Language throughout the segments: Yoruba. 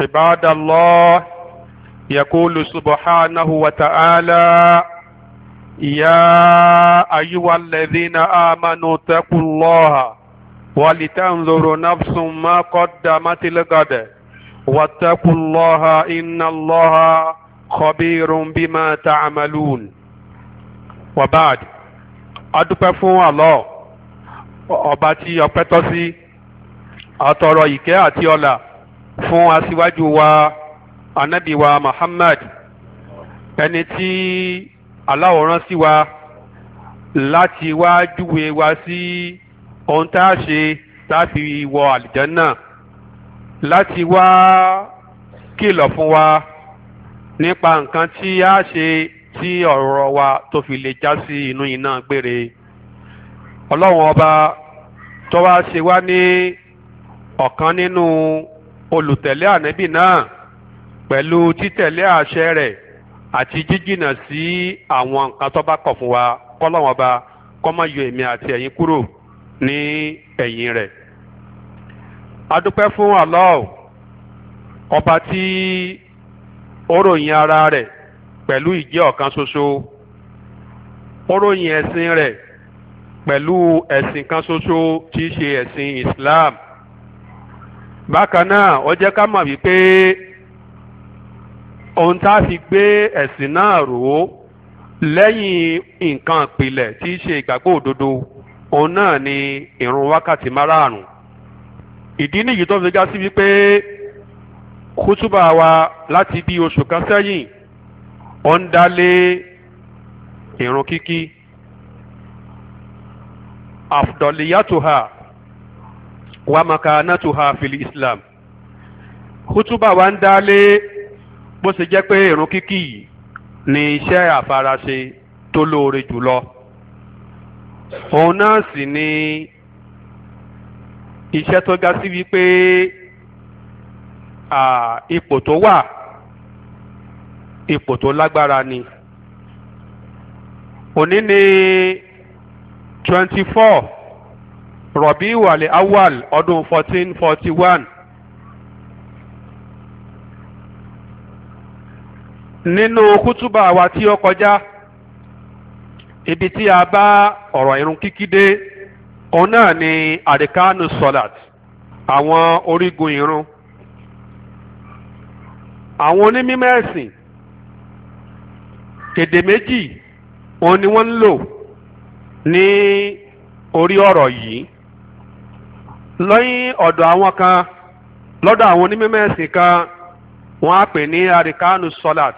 عباد الله يقول سبحانه وتعالى يا أيها الذين آمنوا اتقوا الله ولتنظر نفس ما قدمت لغد واتقوا الله إن الله خبير بما تعملون وبعد adúpẹ́ الله Allah ọba tí ọpẹ́ tọ́ fún aṣíwájú wa anabi wa muhammad ẹni tí Allah rán sí wa láti wá júwe wa sí ohun tá a ṣe tá a fi wọ àlìjánná láti wá kìlọ̀ fún wa nípa nǹkan tí a ṣe tí ọ̀rọ̀ wa tó fi lè já sí inú iná gbére ọlọ́run ọba tó wá ṣe wá ní ọ̀kan nínú olùtẹ̀lé ànábì náà pẹ̀lú títẹ̀lé àṣẹ rẹ̀ àti jíjìnà sí àwọn nǹkan tó bá kọ̀ fún wa kọ́lọ́wọ́n ba kó má yọ èmi àti ẹ̀yin kúrò ní ẹ̀yìn rẹ̀. adúpẹ́ fún Allah ọba tí ó ròyìn ara rẹ̀ pẹ̀lú ìjẹ́ ọ̀kan ṣoṣo ó ròyìn ẹ̀sìn rẹ̀ pẹ̀lú ẹ̀sìn kan ṣoṣo tí í ṣe ẹ̀sìn Islam bákan náà ó jẹ́ ká mọ̀ wípé ohun tá a fi gbé ẹ̀sìn náà rò ó lẹ́yìn nǹkan ìpìlẹ̀ tí í ṣe ìgbàgbọ́ òdodo òun náà ni ìrun wákàtí márààrún ìdí nìyí tó fi já sí wípé kútúbà wa láti bí oṣù kan sẹ́yìn ó ń dá lé ìrun kíkí afdoliyatuha wa makanatuha fil islam kútúbà wa ń dá lé bó ṣe jẹ́ pé ìrun kíkì ni iṣẹ́ àfaraṣe tó lóore jùlọ òun náà sì ni iṣẹ́ tó ga sí wípé ipò tó wà ipò tó lágbára ni òní ni twenty four rọ̀bí ìwàlẹ̀ awal ọdún fourteen forty one nínú kútúbà wa tí ó kọjá ibi tí a bá ọ̀rọ̀ irun kíkí dé òun náà ni àríkánu sọlat àwọn orígun irun àwọn onímọ̀ ẹ̀sìn èdè méjì òun ni wọ́n ń lò ní orí ọ̀rọ̀ yìí. lọ́yìn ọ̀dọ̀ àwọn kan lọ́dọ̀ àwọn onímẹ̀mẹ̀sìn kan wọ́n á pè ní arikanu solat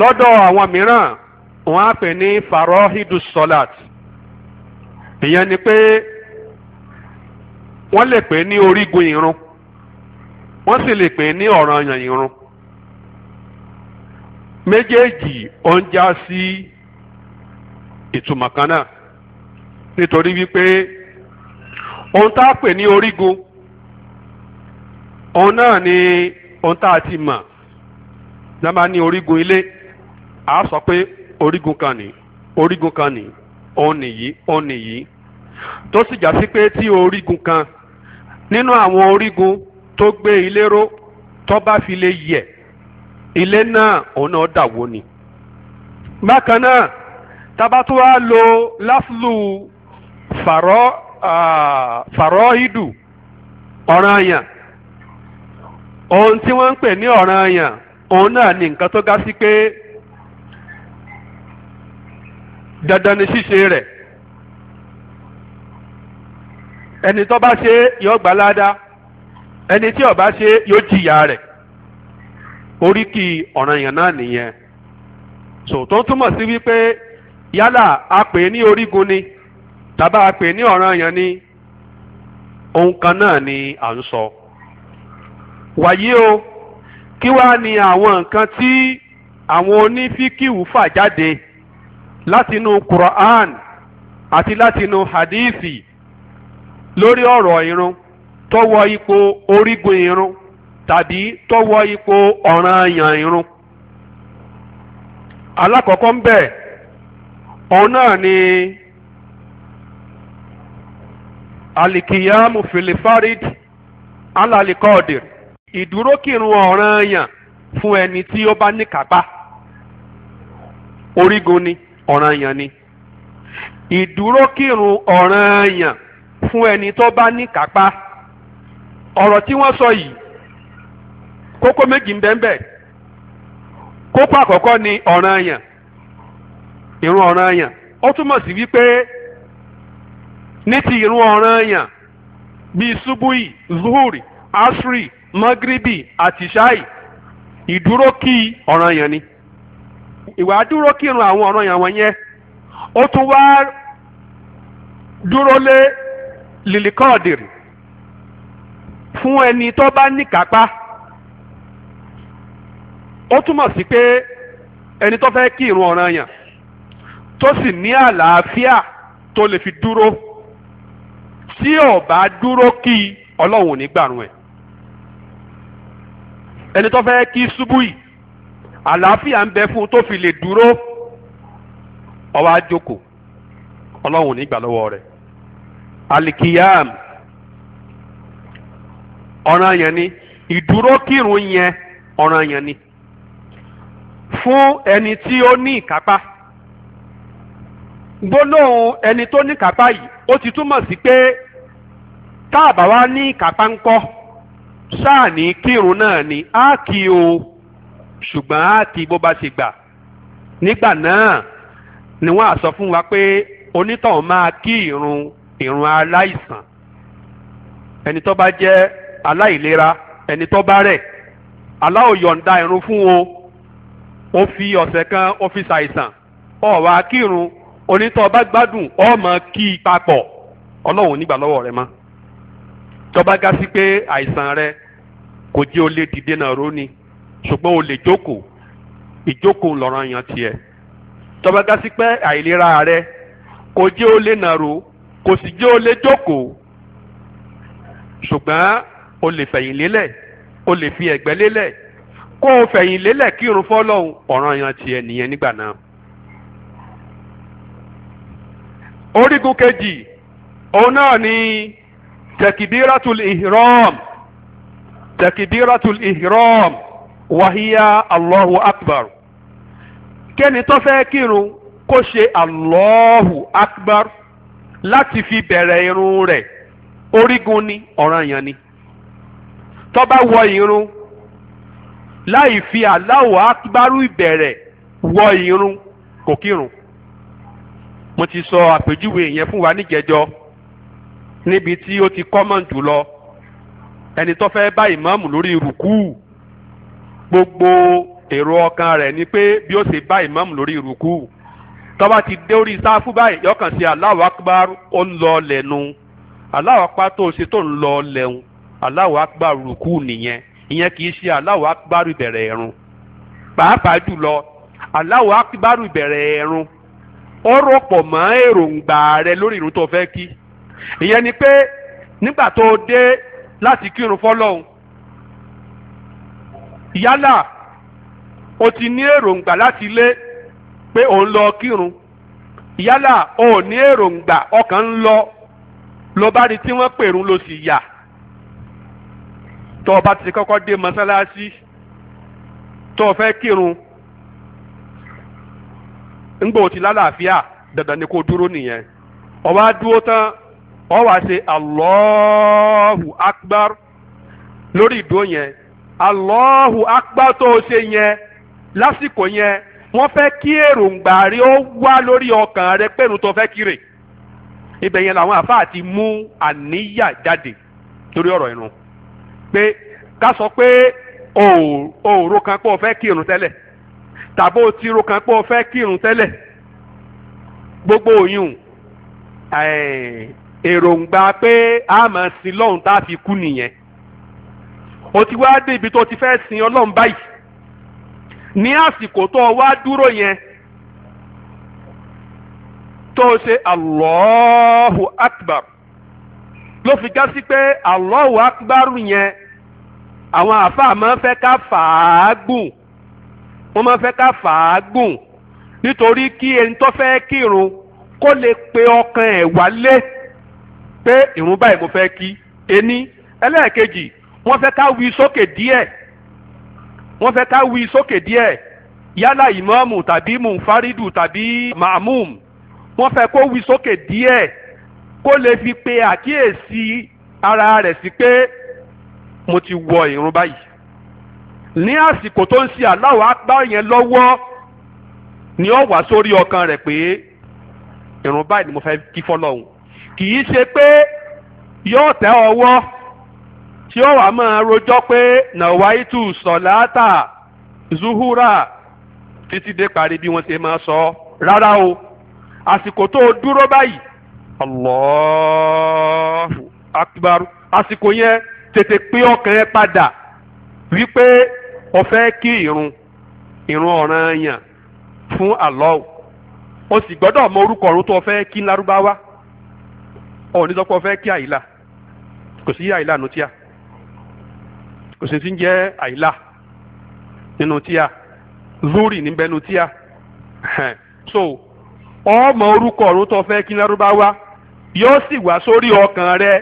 lọ́dọ̀ àwọn mìíràn wọ́n á pè ní farohidu solat ìyẹn ni pé wọ́n lè pè ní orígun irun wọ́n sì lè pè ní ọ̀ranyàn irun méjèèjì ó ń já sí ìtumọ̀ kan náà nítorí wípé. ohun tá a pè ní orígun òun náà ni ohun tá a ti mọ̀ náà máa ní orígun ilé a sọ pé orígun kan ní orígun kan ní òun nìyí òun nìyí tó sì já sí pé tí orígun kan nínú àwọn orígun tó gbé ilé ró tó bá fi lè yẹ̀ ilé náà òun náà dàwó ni. bákan náà tabatuwa lo láflù fàrọ́ fàrọ́ìdù ọ̀ranyàn ohun tí wọ́n ń pè ní ọ̀ranyàn òun náà ni nǹkan tó ga sí pé dandan ni ṣíṣe rẹ̀ ẹni tó bá ṣe yóò gbà ládàá ẹni tí ó bá ṣe yóò jìyà rẹ̀ oríkì ọ̀ranyàn náà nìyẹn tó túmọ̀ sí wípé yálà a pè é ní orígun ni. So, tàbá pè ní ọ̀ràn yẹn ní. ohun kan náà ni à ń sọ. wàyí o kí wàá ní àwọn nǹkan tí àwọn onífíkìwù fà jáde látinú Quran àti látinú hadithi lórí ọ̀rọ̀ irun tọwọ́ ipò orígun irun tàbí tọwọ́ ipò ọ̀ràn yàn irun. alákọ̀ọ́kọ́ ń bẹ̀ náà ni. alikiyamu filifarid alalikodir ìdúró kírun ọ̀ranyàn fún ẹni tí ó bá níkàpá orígun ni ni ìdúró fún ẹni tó bá ọ̀rọ̀ tí wọ́n sọ yìí kókó méjì ń bẹ́ńbẹ́ kókó àkọ́kọ́ ni ọ̀ranyàn ìrun ó túmọ̀ sí wípé. niti iru ìrun anya bíi subui zuhuri asri magribi àti shai ìdúró kí anya ni ìwà dúró kírun àwọn ọ̀ranyàn wọ̀nyẹn ó tún wá dúró lé lilikọ́ọ̀dìrì fún ẹni tó bá O ó túmọ̀ sí pé ẹni tó fẹ́ kírun anya tó sì ní Alaafia to le fi duro. tí ò bá dúró kí ọlọ́run ò ní gbàrún ẹ̀ ẹni tó fẹ́ kí ṣubúì àlàáfíà ń bẹ fún un tó fi lè dúró ó wá jókòó ọlọ́run ní gbà lọ́wọ́ rẹ̀ alikiyam ọ̀ràn yẹn ni ìdúró kírun yẹn ọ̀ràn yẹn ni fún ẹni tí ó ní ìkápá gbólóhùn ẹni tó ní ìkápá yìí ó ti túmọ̀ sí pé tá a bá wá ní ìkápá ńkọ́ sáà ní kírun náà ni á kí o ṣùgbọ́n á kí bó bá ṣe gbà nígbà náà ni wọ́n á sọ fún wa pé onítọ̀hún máa kí irun irun aláìsàn ẹni tó bá jẹ́ aláìlera ẹni tó bá rẹ̀ aláwò yọ̀ǹda ìrun fún o ó fi ọ̀sẹ̀ kan ó fi ṣàìsàn ó wá kírun onítọ̀ bá gbádùn ó máa kí i papọ̀ ọlọ́run ò ní lọ́wọ́ rẹ̀ mọ́. tọ́ba gá sí pé àìsàn rẹ kò jẹ́ o lè dìde náà róni ṣùgbọ́n o lè jókòó ìjókòó lọ́rọ̀ yan tiẹ̀ tọ́ba gá sí pé àìlera rẹ kò jẹ́ o lè nàró kò sì jẹ́ o lè ṣùgbọ́n o fẹ̀yìn lélẹ̀ o fi ẹ̀gbẹ́ lélẹ̀ kó o fẹ̀yìn lélẹ̀ kí irun fọ́lọ́hún ọ̀ràn yan tiẹ̀ nìyẹn nígbà náà. orígun kejì òun náà ni takbiratul ihram takbiratul ihram wàhíyá allahu akbar kẹ́ni tó fẹ́ kírun kó ṣe allahu akbar láti fi bẹ̀rẹ̀ irun rẹ̀ orígun ni ọ̀ranyàn ni tó bá wọ irun láì fi allahu akbar ìbẹ̀rẹ̀ wọ irun kò kírun mo ti sọ àpèjúwe yẹn fún wa níjẹjọ níbi tí ó ti kọ́mọ̀n jùlọ ẹni tó fẹ́ bá ìmáàmù lórí rùkú gbogbo èrò ọkàn rẹ̀ ni pé bí ó ṣe bá ìmáàmù lórí rùkú tó bá ti dé orí sáfù báyìí yọkàn sí Allahu Akbar ó ń lọ lẹ́nu Allahu Akbar tó ṣe tó ń lọ lẹ́hùn Allahu Akbar rùkú nìyẹn ìyẹn kì í ṣe Allahu Akbar ìbẹ̀rẹ̀ ẹ̀rùn pàápàá jùlọ Allahu Akbar ìbẹ̀rẹ̀ ẹ̀rùn ó rọ̀pọ̀ mọ́ èròǹgbà rẹ lórí ìrun tó fẹ́ kí ìyẹn ni pé nígbà tó o dé láti kírun fọ́lọ́hun yálà o ti ní èròǹgbà láti lé pé ò ń lọ kírun yálà o ò ní èròǹgbà ọkàn ń lọ ló bá di tí wọ́n pèrún ló sì yà tó o bá ti kọ́kọ́ dé mọ́sálásí tó o fẹ́ kírun ńgbà o lálàáfíà dandan ni kó dúró nìyẹn o dúró tán ọ wá sí allahu akpar lórí ìdó yẹn allahu akpar tó o ṣe yẹn lásìkò yẹn wọ́n fẹ́ kí èròǹgbà rí ó wá lórí ọkàn rẹ pẹ̀lú tó fẹ́ kiri ibẹ̀ yẹn làwọn àfáà ti mú àníyà jáde torí ọ̀rọ̀ irun pé ká sọ pé òòrò kan pé o fẹ́ kí kírun tẹ́lẹ̀ tàbí o ti ro kan pé o fẹ́ kí kírun tẹ́lẹ̀ gbogbo oyún òyìn èròǹgbà pé a máa sin lọ́hùn tá a fi kú nìyẹn o ti wá dé ibi tó ti fẹ́ sin ọlọ́run báyìí ní àsìkò tó o wá dúró yẹn tó o ṣe Allahu Akbar ló fi gá sí pé Allahu Akbar yẹn àwọn àáfàá máa ń fẹ́ ká fàá gùn wọ́n máa ń fẹ́ ká fàá gùn nítorí kí ẹni tó fẹ́ kírun kó lè pe ọkàn ẹ̀ wálé. E pé ìrun báyìí mo fẹ́ kí ení ẹlẹ́ẹ̀kejì wọ́n fẹ́ ká wí sókè díẹ̀ wọ́n fẹ́ ká wí sókè díẹ̀ yálà ìmọ̀ọ́mù tàbí mùfárídù tàbí màmúùmù wọ́n fẹ́ kó wí sókè díẹ̀ kó lè fi pe àkíyèsí ara rẹ̀ sí pé mo ti wọ ìrun báyìí ní àsìkò tó ń ṣe Allahu Akbar yẹn lọ́wọ́ ni ó wà sórí ọkàn rẹ̀ pé ìrun báyìí ni mo fẹ́ kí fọ́lọ́hùn kì pe ṣe pé yóò tẹ ọwọ́ tí ó wà máa rojọ́ pé nàwáìtù sọ̀láàtà zuhura títí dé parí bí wọ́n ṣe máa sọ rárá o àsìkò tó o dúró báyìí Allahu akbar àsìkò yẹn tètè pé ọkàn ẹ padà wípé o fẹ́ kí irun irun ọ̀ranyàn fún Allah o sì gbọ́dọ̀ mọ orúkọ to tó o fẹ́ kí lárúbáwá. ọ̀ní sọ pé ọ fẹ́ kí àyílà kò sí àyílà nù tíà kò sí ti ń jẹ́ àyílà nínú tíà níbẹ̀ so ọmọ orúkọ ọ̀run tó fẹ́ kí lárúbáwá yóò sì wá sórí ọkàn rẹ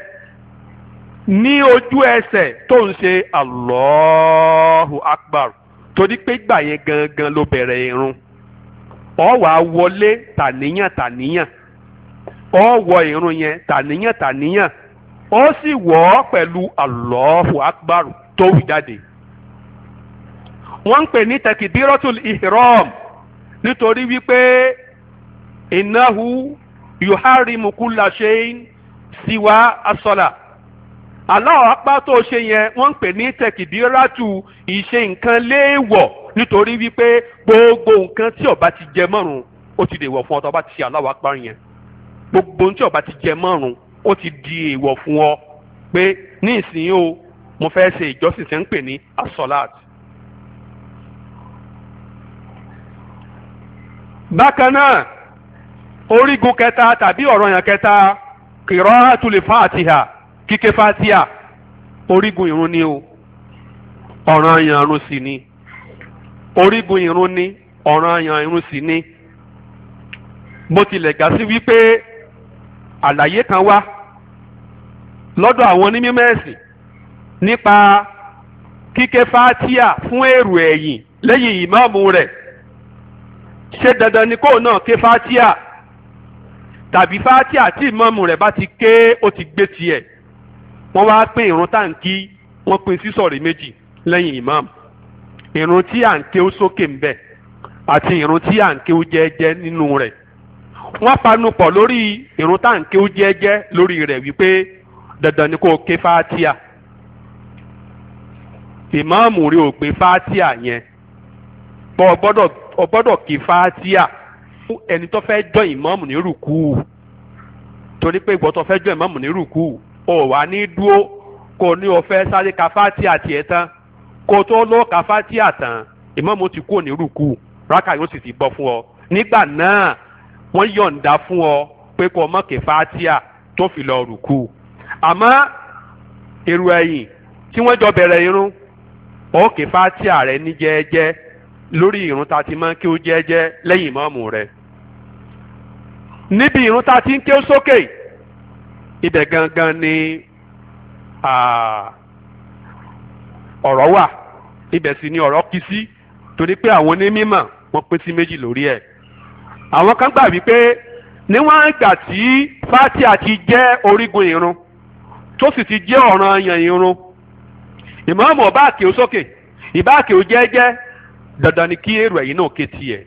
ní ojú ẹsẹ̀ tó Allahu Akbar torí pé gbà yẹn gangan ló bẹ̀rẹ̀ irun ọ wàá wọlé tàníyàn tàníyàn ọ wọ irun yẹn tàníyàn tàníyàn ó sì wọ̀ ọ́ pẹ̀lú Allahu Akbar tó wù jáde. wọ́n ń pè ní takidiratul ihram nítorí wípé innahu yuharimu kulla shay'in siwa asọ́là. Allahu Akbar tó ṣe yẹn wọ́n ń pè ní takidiratul ìṣe nǹkan léèwọ̀ nítorí wípé gbogbo nǹkan tí ó bá ti jẹ mọ́rùn ó ti dèwọ̀ fún ọ bá ti ṣe Allahu Akbar yẹn gbogbo tí ọba ti jẹ mọ́rùn ó ti di èèwọ̀ fún ọ pé ní ìsìn o mo fẹ́ ṣe ìjọsìn tí ń pè ní asolat. bákan náà orígun kẹta tàbí ọ̀ranyàn kẹta qiraatul fatiha kíké fatiha orígun ìrun ni o ọ̀ranyàn ìrun sì ni orígun ìrun ni ọ̀ranyàn ìrun sì ni bó tilẹ̀ gà sí wípé àlàyé kan wá lọ́dọ̀ àwọn onímọ̀ nípa kíké fatia fún èrò ẹ̀yìn lẹ́yìn ìmáàmù rẹ̀ ṣé dandan ni kóò náà ké fatia tàbí fatia tí ìmáàmù rẹ̀ bá ti ké ó ti gbé tiẹ̀ wọ́n wá pín ìrun táǹkì wọ́n pín sísọ̀rí méjì lẹ́yìn ìmáàmù ìrun tí à ń ké ó sókè ń bẹ̀ àti ìrun tí à ń ké ó jẹ́ẹ́jẹ́ nínú rẹ̀ wọ́n panupọ̀ lórí ìrun táǹkì ó jẹ́jẹ́ lórí rẹ̀ wípé dandan ni kò ké fatia ìmáàmù rí ò pé fatia yẹn pọ̀ ọ gbọ́dọ̀ ké fatia fún ẹni tó fẹ́ jọ ìmáàmù ní rùkú torí pé ìgbọ́ tó fẹ́ jọ ìmáàmù ní rùkú ò wá ní dúró kò ní o fẹ́ sáré ka fatia tiẹ̀ tán kò tó lọ ka fatia tán ìmáàmù ti kú ní rùkú rákà yóò sì ti bọ́ fún ọ nígbà náà wọ́n yọ̀ǹda fún ọ pé kó o mọ̀kè fatia tó fi lọ rùkú àmọ́ èrò ẹ̀yìn tí wọ́n jọ bẹ̀rẹ̀ irun òkè fatia rẹ ní jẹ́ẹ́jẹ́ lórí irun tá a ti máa ń kí ó jẹ́ẹ́jẹ́ lẹ́yìn mọ́ọ̀mù rẹ níbi irun tá a ti ń kí ó sókè ibẹ̀ gangan ni ọ̀rọ̀ wà ibẹ̀ sì ni ọ̀rọ̀ kí sí torí pé àwọn onímọ̀ wọ́n pín sí méjì lórí ẹ̀. àwọn kan gbà wípé níwọ̀n ìgbà tí fatia ti jẹ́ orígun irun tó sì ti jẹ́ ọ̀ràn yàn irun ìmáàmù ọba àkèó sókè ìbá àkèó jẹ́jẹ́ dandan ni kí èrò ẹ̀yìn náà ké tiẹ̀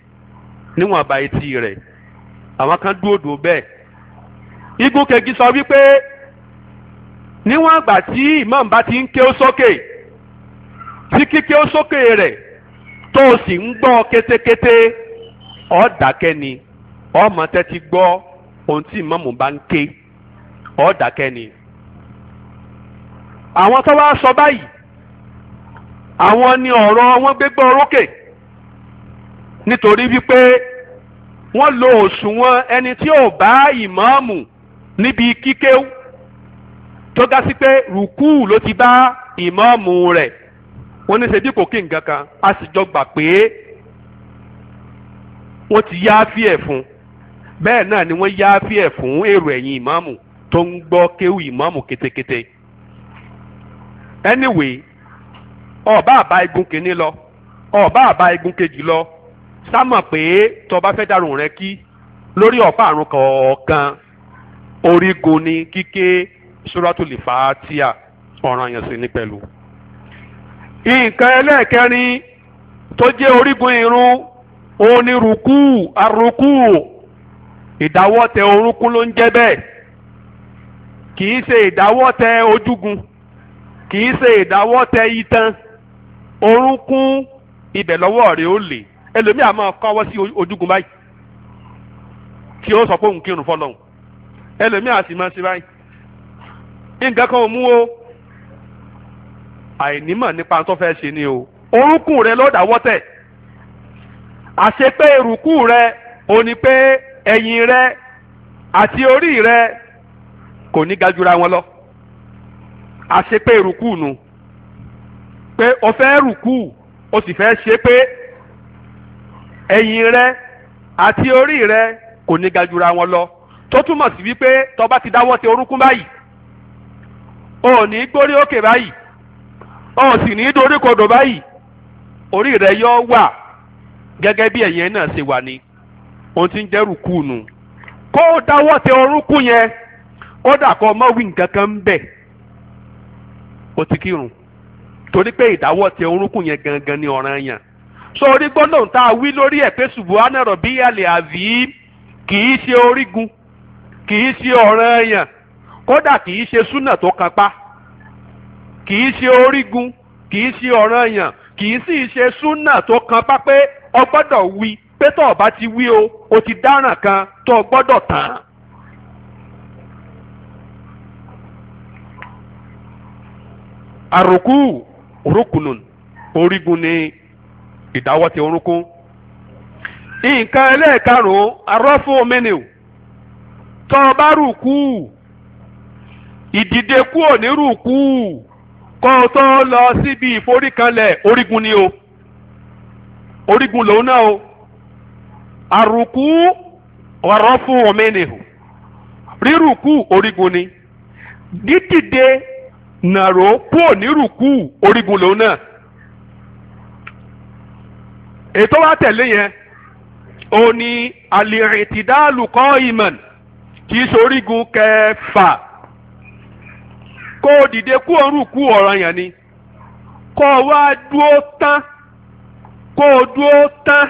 níwọ̀n àbá etí rẹ̀ àwọn kan dúró bẹ́ẹ̀ igun kejì sọ wípé níwọ̀n àgbà tí ìmáàmù bá ti ń ké sókè tí kíké sókè rẹ̀ tó o sì ń gbọ́ kétékété. ọ dákẹ́ ni ọmọ tẹ́tí gbọ́ ohun tí ìmọ̀mù bá ń ké ọ dákẹ́ ni. àwọn tó wá sọ báyìí àwọn ni ọ̀rọ̀ wọn gbégbá orókè nítorí wípé wọ́n lo òṣùwọ̀n ẹni tí ò bá ìmọ̀mù níbi kíkéwù tó ga sí pé rùkú ló ti bá ìmáàmù rẹ̀ wọ́n ní ṣe bí kò kí nǹkan kan a sì jọ gbà pé wọ́n ti yááfì ẹ̀ fún bẹ́ẹ̀ náà ni wọ́n yááfì ẹ̀ fún èrò ẹ̀yìn ìmáàmù tó ń gbọ́ kéwù ìmáàmù kétékété anyway ọba àbá igun kìíní lọ ọba àbá igun kejì lọ sámọ̀ pé tọba fẹ́ dàrú rẹ kí lórí ọ̀pá àrùn kọ̀ọ̀kan orígun ni kíké suratul Fatiha ọ̀ràn yẹn sì ní pẹ̀lú. nǹkan ẹlẹ́ẹ̀kẹrin tó jẹ́ orígun irun òun ni rùkú àrùkú ìdáwọ́tẹ orúnkún ló ń jẹ́ bẹ́ẹ̀ kì ṣe ìdáwọ́tẹ ojúgun kì ṣe ìdáwọ́tẹ itan orúnkún ibẹ̀ lọ́wọ́ rẹ̀ ó lè ẹlòmíì àmọ́ kọ́wọ́ sí ojúgun báyìí kí ó sọ pé òun kírun fọlọ́hún ẹlòmíì àti máa ṣe báyìí nǹkan kan ò mú o àìnímọ̀ nípa tó fẹ́ ṣe ni o orúnkún rẹ̀ ló dáwọ́tẹ̀ àṣepé ìrùkú rẹ ò ní pé ẹ̀yìn rẹ àti orí rẹ kò ní gajura wọn lọ àṣepé ìrùkú nu pé o fẹ́ rùkú o sì fẹ́ ṣe pé ẹ̀yìn rẹ àti orí rẹ kò ní gajura wọn lọ tó túmọ̀ sí wípé tó ti dáwọ́ ti orúnkún báyìí o ò ní gbórí òkè báyìí o ò sì ní doríkodò báyìí orí rẹ yóò wà gẹ́gẹ́ bí ẹ̀yin náà ṣe wà ní ohun tí ń jẹ́ rùkú nù kó o dáwọ́ tẹ orúnkù yẹn ó dà kọ́ ọmọ wí nǹkan kan ń bẹ̀ ó ti kírun torí pé ìdáwọ́ tẹ orúnkù yẹn gangan ni ọ̀ràn yàn so orí náà tá a wí lórí ẹ̀ pé subuhana rọ̀bí yàlẹ̀ àbí kì í ṣe orígun kì í ṣe ọ̀ràn yàn kódà kì í ṣe súnà tó kápá kì í ṣe orígun kì í ṣe ọ̀ràn yàn kì í sì ṣe súnà tó kápá pé ọ gbọ́dọ̀ wí pé ọba ti wí o o ti dáràn kan tó o gbọ́dọ̀ tán. àròkù rukunun orígun ni ìdáwọ́ ti orúnkún nǹkan ẹlẹ́ẹ̀karùn-ún arọ́fún omeniu tọ́ ọ bá rùkú ìdìde kúò ní rùkú kó o tó lọ síbi ìforíkanlẹ̀ orígun ni o. orígun lòun náà o àrùkú ọ̀rọ̀ fún ọ̀mẹ́nìhù rírùkú orígun ni dídìde nàró pò nírùkú orígun lòun náà ètò wa tẹ̀lé yẹn ó ní alìrìntìdálù kọ́ ìmọ̀n kì í sorígun kẹfà kó o dìde kú orúkú ọ̀ranyàn ni kó o wá dúró tán. kó o dúró tán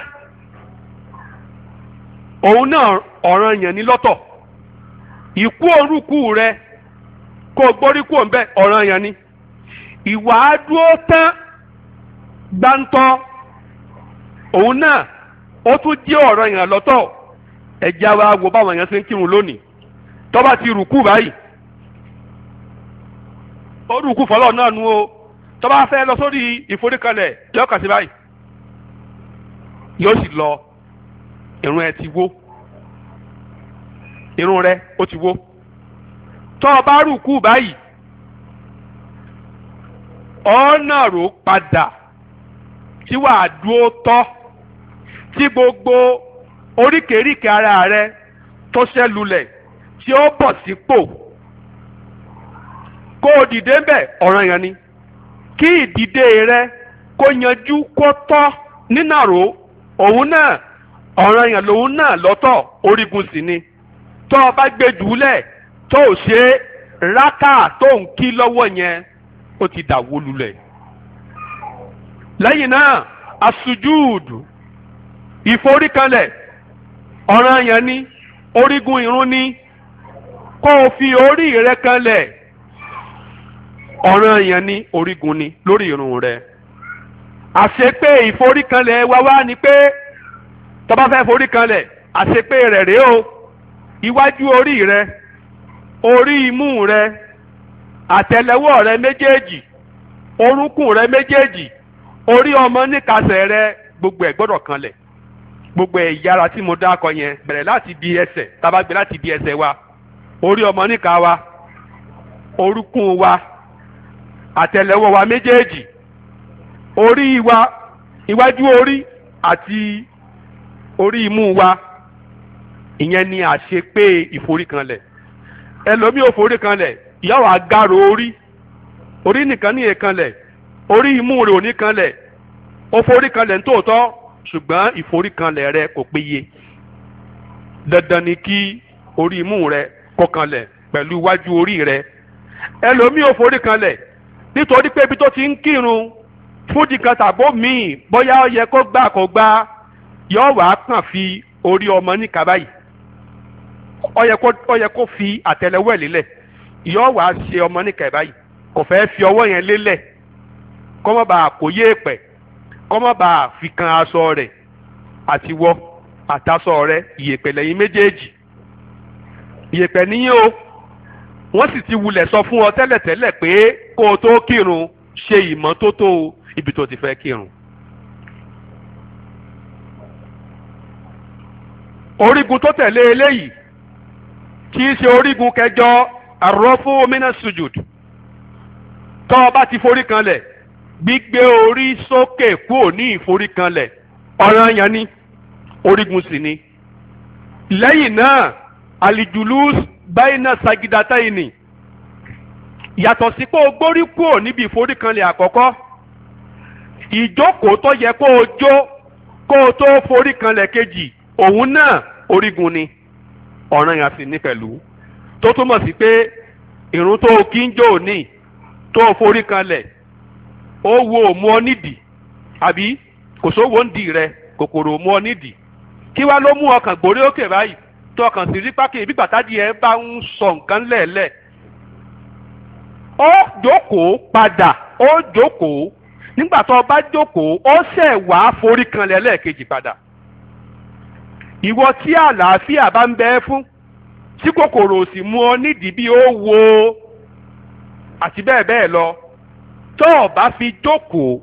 òun náà ọ̀ràn yẹn ní lọ́tọ̀ ìkú orúkú rẹ kó o gbórí kú òǹbẹ ọ̀ràn yẹn ni ìwà á dúró tán gbáǹtọ́ òun náà ó tún jẹ́ ọ̀ràn yẹn lọ́tọ̀ ẹ̀já wa wo báwọn yẹn ṣe ń kírun ti rùkú báyìí fọlọ́ náà nu o tó fẹ́ lọ sórí ìforíkalẹ̀ yọkàsí báyìí. yóò sì lọ irun ẹ ti wó irun rẹ ó ti wó tọ́ ọ bá rùkú báyìí ọ̀nà rò padà tí wàá dúró tọ́ tí gbogbo oríkèéríkè ara rẹ tó ṣẹ́ lulẹ̀ tí ó bọ̀ sípò kó o dìde ń bẹ̀ ọ̀ràn yẹn ni kí ìdìde rẹ kó yanjú kó tọ́ nínàró òun náà ọ̀ràn yẹn lòun náà lọ́tọ̀ orígun sì ni tó o bá gbé jùúlẹ̀ tó o ṣe rákà tó ń kí lọ́wọ́ yẹn ó ti dà wó lulẹ̀. lẹ́yìn náà asujúùdù ìforíkanlẹ̀ ọ̀ràn yẹn ni orígun irun ni kó o fi orí rẹ kanlẹ̀ ọ̀ràn yẹn ni orígun ni lórí irun rẹ àṣepé ìforíkanlẹ̀ wa wá ni pé tó bá fẹ́ foríkanlẹ̀ àṣepé rẹ̀ rèé o iwájú orí rẹ orí imú rẹ àtẹ́lẹwọ́ rẹ méjèèjì orúnkún rẹ méjèèjì orí ọmọ níkasẹ̀ rẹ gbogbo ẹ̀ gbọ́dọ̀ kanlẹ̀ gbogbo ẹ̀yà ara tí mo dákọ yẹn bẹ̀rẹ̀ láti di ẹsẹ̀ tá gbé láti di ẹsẹ̀ wa orí ọmọ níka wa orúnkún wa àtẹ́lẹwọ́ wa méjèèjì orí wa iwájú orí àti orí imú wa ìyẹn ni àṣepé ìforíkanlẹ̀ ẹlòmíì ò foríkanlẹ̀ ìyá wa gàrò orí orí nìkan ní èkanlẹ̀ orí imú rẹ̀ ò ní kanlẹ̀ ó foríkanlẹ̀ ní tòótọ́ ṣùgbọ́n ìforíkanlẹ̀ rẹ̀ kò péye dandan ni kí orí imú rẹ̀ kó pẹ̀lú iwájú orí rẹ̀ ẹlòmíì ò foríkanlẹ̀ nítorí pé ibi tó ti ń kírun fúdì kan tàbó míì bóyá ó yẹ kó gbà kó gbà yóò wá kàn fi orí ọmọ níka báyìí ó yẹ kó ó yẹ kó fi àtẹ́lẹwọ́ ẹ̀ lélẹ̀ yóò wá ṣe ọmọ níka báyìí kò fẹ́ fi ọwọ́ yẹn lélẹ̀ kọ́mọ́ bá kó yé èpẹ̀ kọ́mọ́ bá fi kan aṣọ rẹ̀ àtiwọ́ àtàṣọ rẹ̀ ìyèpẹ̀ lẹ́yìn méjèèjì ìyèpẹ̀ níyìn o wọ́n sì ti wulẹ̀ sọ fún ọ tẹ́lẹ̀tẹ́lẹ̀ pé kó o tó kírun ṣe ìmọ́tótó o níbi tó ti fẹ́ kírun. orígun tó tẹ̀lé eléyìí kì í ṣe orígun kẹjọ àrọ́fún omínà sujud tó o bá ti forí kanlẹ̀ gbígbé orí sókè kúò ní ìforí kanlẹ̀ ọ̀ranyàn ni orígun sì ni. lẹ́yìn náà alijulus bayna sagidataini yàtọ̀ sí pé o gbórí kúò níbi ìforí kanlẹ̀ àkọ́kọ́ ìjókòó tó yẹ kó o jó kó o tó forí kanlẹ̀ kejì òun náà orígun ni ọ̀ràn yẹn sì ní pẹ̀lú tó túmọ̀ sí pé ìrun tó o kí ń jó òní tó o forí kanlẹ̀ ó wo òmu ọ nídìí àbí kò sówó ń di rẹ kòkòrò òmu ọ nídìí kí wá ló mú ọkàn gbórí òkè báyìí tó ọkàn sì rí pákí ibi gbàtàdí ẹ bá ń sọ nǹkan lẹ́ẹ̀lẹ́ẹ̀ ó jókòó padà ó jókòó nígbà tó o bá jókòó ó ṣẹ̀ wá forí kan lẹ́ẹ̀kejì padà ìwọ tí àlàáfíà bá ń bẹ fún tí kòkòrò ò sì mú ọ nídìí bí ó wo àti bẹ́ẹ̀ bẹ́ẹ̀ lọ tó o bá fi jókòó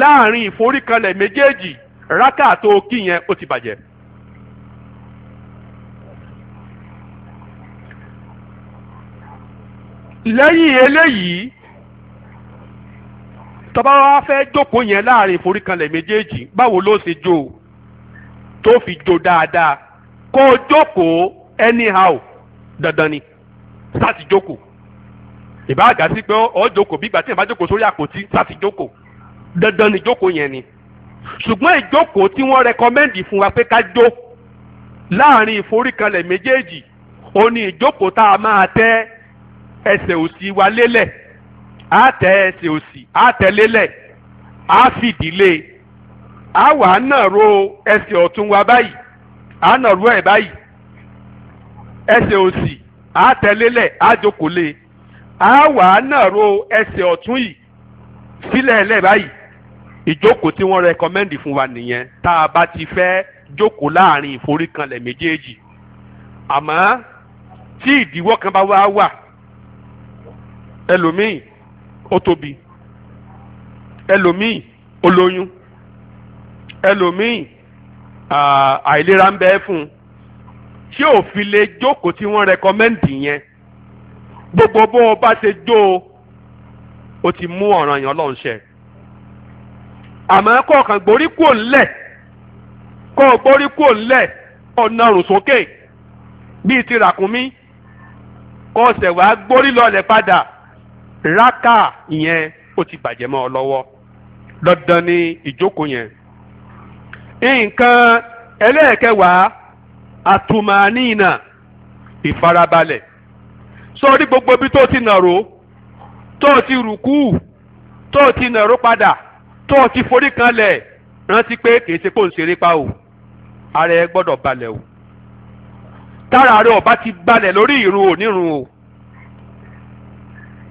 láàrin ìforíkanlẹ̀ méjèèjì rákà tó kí yẹn ó ti bàjẹ́. lẹ́yìn eléyìí tọ́ba wa fẹ́ joko yẹn láàrin ìforíkanlẹ̀ méjèèjì báwo ló ṣe jó o tó fi jó dáadáa kó o jókòó anyhow dandan ni sáti joko, ìbá àgá sí pé ọ joko bí ìgbà tí ìbá jókòó sórí àpótí sáti jókòó dandan ni joko yẹn ni ṣùgbọ́n ìjókòó tí wọ́n rẹkọmẹ́ndì fún wa pé ká jó láàrin ìforíkanlẹ̀ méjèèjì ó ní ìjókòó tá a máa tẹ́ ẹsẹ̀ òsì wa lélẹ̀ á tẹ ẹsẹ̀ òsì á tẹ lélẹ̀ á fìdílé á wà á nàró ẹsẹ̀ ọ̀tún wa báyìí á nàró ẹ̀ báyìí ẹsẹ̀ òsì á tẹ lélẹ̀ á jókòó lé á wà á nàró ẹsẹ̀ ọ̀tún yìí sílẹ̀ ẹlẹ́ báyìí ìjókòó tí wọ́n rẹkọmẹ́ndì fún wa nìyẹn tá a bá ti fẹ́ jókòó láàrin ìforíkanlẹ̀ méjèèjì àmọ́ tí ìdíwọ́ kan bá wá wà ẹlòmíì ó tóbi ẹlòmíì olóyún ẹlòmíì àìlera ń bẹ fún un tí ò fi lè jókòó tí wọ́n rẹkọmẹ́ǹdì yẹn gbogbo bó o bá ṣe jó o ó ti mú ọ̀ràn yẹn ọlọ́run ṣe àmọ́ kọ̀ọ̀kan gborí kúò ńlẹ̀ kọ́ ọ gborí kúò ńlẹ̀ kọ́ ọ narùn sókè bíi ti ràkúnmí kọ́ ọ sẹ̀ gborí lọ́lẹ̀ padà Raka ìyẹn ó ti bàjẹ́ mọ́ ọ lọ́wọ́ dandan ni ìjókòó yẹn. nǹkan ẹlẹ́ẹ̀kẹwàá àtùmánìnà ìfarabalẹ̀ sórí gbogbo ibi tó ti nàró tó ti rùkú tó ti nàró padà tó ti forí kanlẹ̀ rántí pé kì í ṣe kó ń ṣeré pa o ara ẹ gbọ́dọ̀ balẹ̀ o tára rẹ ọba ti balẹ̀ lórí ìrun onírun o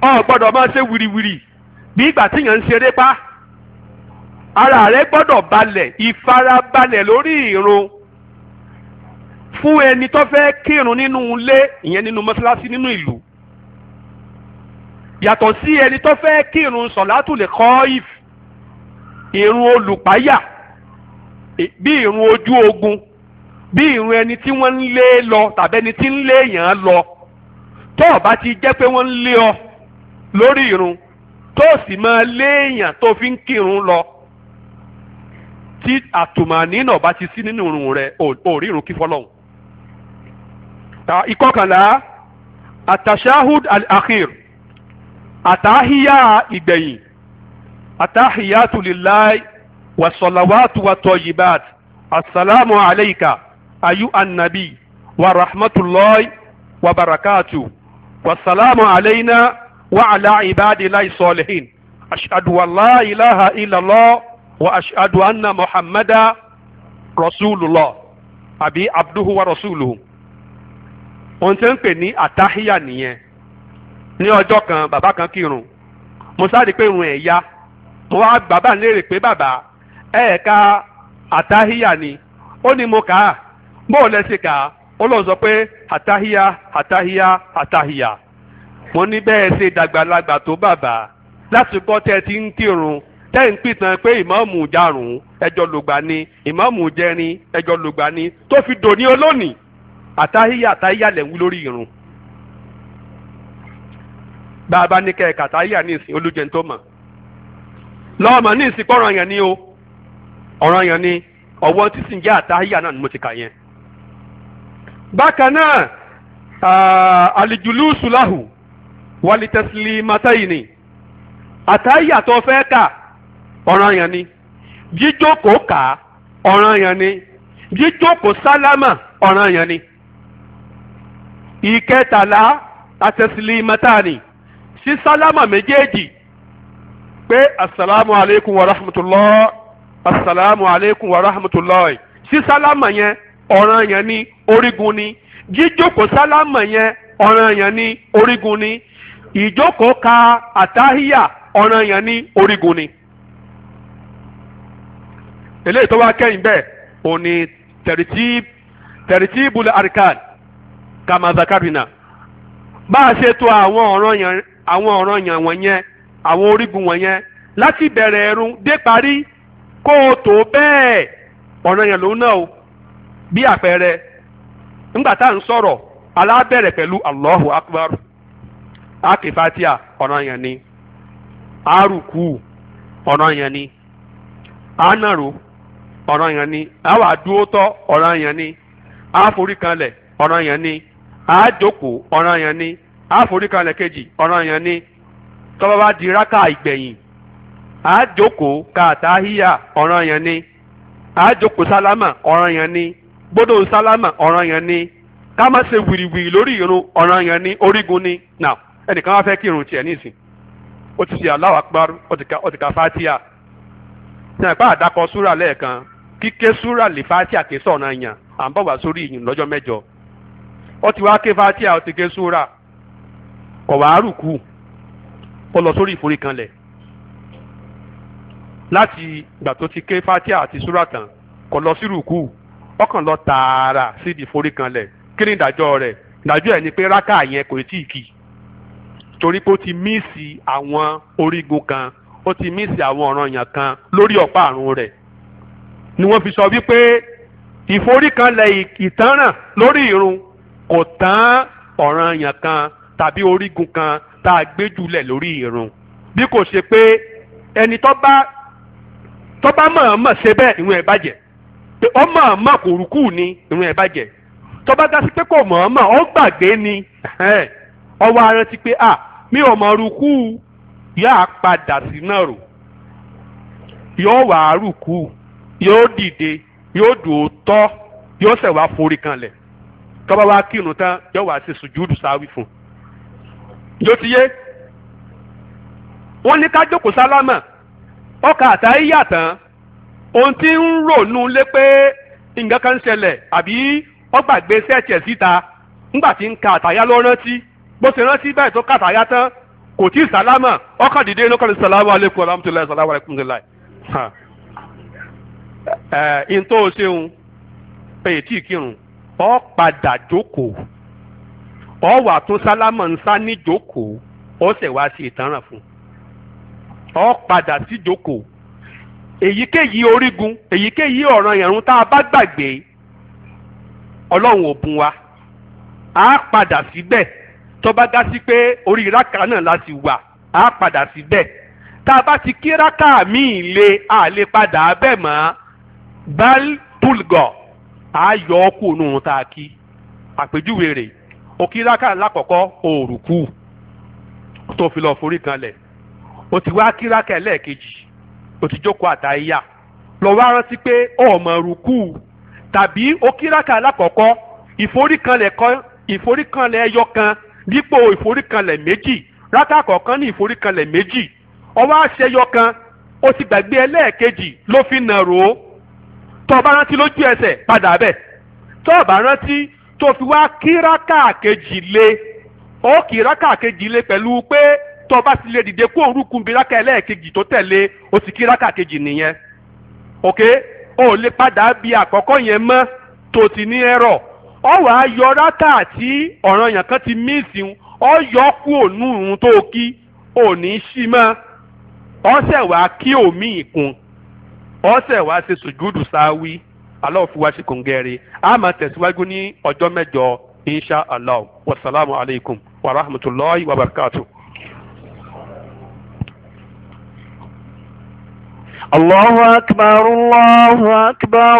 ọ gbọ́dọ̀ máa ṣe wìrìwìrì bí ìgbà tíyàn ń ṣeré pa ara rẹ gbọ́dọ̀ balẹ̀ ìfarabalẹ̀ lórí ìrun fún ẹni tó fẹ́ kírun nínú ilé ìyẹn nínú mọ́ṣáláṣí nínú ìlú yàtọ̀ sí ẹni tó fẹ́ kírun sọ̀látù lè kọ́ if ìrun olùpáyà bí ìrun ojú ogun bí ìrun ẹni tí wọ́n ń lé lọ tàbí ẹni tí ń lé èèyàn lọ tó o bá ti jẹ́ pé wọ́n ń lé ọ lórí irun tó sì máa léèyàn tó fi ń kírun lọ tí àtùmọ̀nínà bá ti sí nínú irun rẹ̀ ò rí irun kí fọlọ́hún. ìkọkànlá àtàṣáhùd al-akhir àtàhíyá ìgbẹ̀yìn àtàhíyátu lillahi wasalawatu watoyibat asalaamu alayka ayu annabi wa rahmatulahi wa barakatu wasalaamu alayna. وعلى عباد الله الصالحين أشهد أن لا إله إلا الله وأشهد أن محمدا رسول الله àbí abduhu wa rasuluhu ohun tí ń ní kan bàbá kan kírun mo sáré pé irun ẹ̀ ya mo wá bàbá léèrè pé bàbá ẹ àtàhíyà ni ó ní mo kà á bóòlù kà á mo ní bẹ́ẹ̀ ṣe dàgbàlagbà tó bàbá láti gbọ́ tẹ́ ti ń kírun tẹ́ ń pìtàn pé ìmáàmù jarùn ẹjọ́ lùgbà ni ìmáàmù jẹrin ẹjọ́ lùgbà ni tó fi dòní olónìí àtàhíyà àtàhíyà lẹ̀ ń wí lórí irun. bàbá ní kẹ́ẹ̀ka àtàhíyà ní ìsìn olùjẹ́ tó mọ̀ lọ́ọ̀mọ̀ ní ìsìn pọ̀rọ̀ yẹn ni o ọ̀rọ̀ yẹn ni ọ̀wọ́ tí sì ń jẹ́ àtàhíyà náà ni mo ti kà yẹn. bákan náà àlìjùlù sùláhù walitẹsílímátẹ́yìnì àtàyà tó fẹ́ kà ọ̀ràn yẹn ni jíjókòó kà ọ̀ràn yẹn ni jíjókòó sálámà ọ̀ràn yẹn ni. ìkẹtàlá àtẹsílímátàní sí sálámà méjèèjì pé asalaamu aleykum wa rahmatulah asalaamu aleykum wa rahmatulah sí sálámà yẹn ọ̀ràn yẹn ni orígun ni jíjókòó sálámà yẹn ọ̀ràn yẹn ni orígun ni ìjókòó ka àtàhíyà ọ̀ranyàn ní orígun ni eléyìí tó wá kẹ́yìn bẹ́ẹ̀ ò ní tẹ̀rìtì arkan kamazakarina bá a ṣe tò àwọn ọ̀ranyàn àwọn ọ̀ranyàn wọ̀nyẹn àwọn orígun wọ̀nyẹn láti bẹ̀rẹ̀ ẹ̀rùn dé parí kó o tó bẹ́ẹ̀ náà o akifatia ọ̀ràn yẹn ni aruku ọ̀ràn yẹn ni anaro ọ̀ràn yẹn ni awadúótọ́ ọ̀ràn yẹn ni àforíkanlẹ̀ ọ̀ràn yẹn ni àjòkó ọ̀ràn yẹn ni àforíkanlẹ̀ kejì ọ̀ràn yẹn ni tó bá bá di rákà ìgbẹ̀yìn àjòkó kàtàhíyà ọ̀ràn yẹn ni àjòkó sálámà ọ̀ràn yẹn ni ni lórí ni orígun ni now. ẹnìkan wá fẹ́ kírun tiẹ̀ nísìn ó ti ṣe aláwọ̀ Akbar ó ti ka fatia sàǹpá àdàkọ súrà lẹ́ẹ̀kan kíké súrà lè fatia ké sọ̀nà yàn à ń bọ̀ wá sórí ìyìn lọ́jọ́ mẹ́jọ ó ti wá ké fatia ó ti ké súrà kọ̀ wá ó lọ sórí ìforíkanlẹ̀ láti ìgbà tó ti ké fatia àti súrà tán kọ̀ lọ sí ọkàn lọ tààrà sí ìforíkanlẹ̀ kí ni ìdájọ́ rẹ̀ ìdájọ́ ẹ̀ ni pé rákà yẹn kò tí ì kì í torí pé ó ti míìsì àwọn orígun kan ó ti míìsì àwọn ọ̀ranyàn kan lórí ọ̀pá àrùn rẹ̀ ni wọ́n fi sọ wípé ìforíkanlẹ̀ ìtanràn lórí irun kò tán ọ̀ranyàn kan tàbí orígun kan tá a gbé jùlẹ̀ lórí irun bí kò ṣe pé ẹni tó bá tó bá ṣe bẹ́ẹ̀ irun ẹ̀ bàjẹ́ ó mọ̀ọ́mọ̀ kò rúkú ni irun ẹ̀ bàjẹ́ tó dá sí pé kò mọ̀ọ́mọ̀ ó gbàgbé ni ó wá rántí pé ah mi ò mọ̀ rúkú yóò padà sí náà rò yóò wà á rúkú yóò dìde yóò dùn ó tọ́ yóò sẹ̀ wá forí kanlẹ̀ tó wa wá kírun tán yóò wá ṣe sùjúdù sáwí fún un yóò ti yé wọ́n ní ká jókòó sálámà ọkà àtàyíyà tán ohun tí ń rònú lé pé nǹkan kan ń ṣẹlẹ̀ àbí ọgbàgbé sẹ́ẹ̀tì ẹ̀ síta ńgbà tí ń ka àtàyà bó ṣe rántí báyìí tó kàtàyà tán kò tí ì sálámà ọkàn dìde ló kọ́ni sàlámù aleykum alhamdulilayi sàlámù aleykum sàlámù ẹ n tó ṣeun pé tí kírun ọ padà jókòó ọ wà tún sálámà ń sá ní jókòó ó sì wá sí ìtanràn fún ọ padà sí jókòó èyíkéyìí orígun èyíkéyìí ọ̀ràn ìrun tá a bá gbàgbé ọlọ́run ò bùn wa á padà síbẹ̀. Si tó bá gá sí pé orí ìrákà náà la sì wà á padà síbẹ̀ tá a bá ti kí rákà míì lé a lè padà bẹ́ẹ̀ mọ́ bal tulgọ̀ á yọ ọ́ kù nù tá a kí àpèjúwe rẹ̀ ó kí rákà lákọ̀ọ́kọ́ òrùkù tó fi lọ forí kanlẹ̀ ó ti wá kí rákà lẹ́ẹ̀kejì ó ti jókòó àtàyà lọ wá rántí pé ọmọ rúkú tàbí ó kí rákà lákọ̀ọ́kọ́ ìforíkanlẹ̀ ẹyọ kan dípò ìforíkanlẹ̀ méjì rákà kọ̀ọ̀kan ní ìforíkanlẹ̀ méjì ó wá àṣeyọ kan ó ti gbàgbé ẹlẹ́ẹ̀kejì ló fi nà ró tó o bá rántí lójú ẹsẹ̀ padà bẹ̀ tó o bá rántí tó o fi wá kí rákà kejì lé ó kí rákà kejì lé pẹ̀lú pé tó o bá ti lè dìde kó orúkún bí rákà ẹlẹ́ẹ̀kejì tó tẹ̀lé o ti kí rákà kejì nìyẹn ok o lè padà bí àkọ́kọ́ yẹn mọ́ tó ti ní ẹ̀rọ ọ wàá yọ rákà tí ọ̀ràn yàn kan ti míìsì ọ yọ kú ònú òun tó kí òní sí mọ́ ọ sẹ̀ wá kí òmí ìkun ọ sẹ̀ wá ṣe sùjúdù sáwí aláwọ̀fíwá ṣe kòǹgẹ́rẹ́ a máa tẹ̀síwájú ní ọjọ́ mẹ́jọ insha allah wasalaamu alaykum wa rahmatulahi wa barakatu. الله أكبر الله أكبر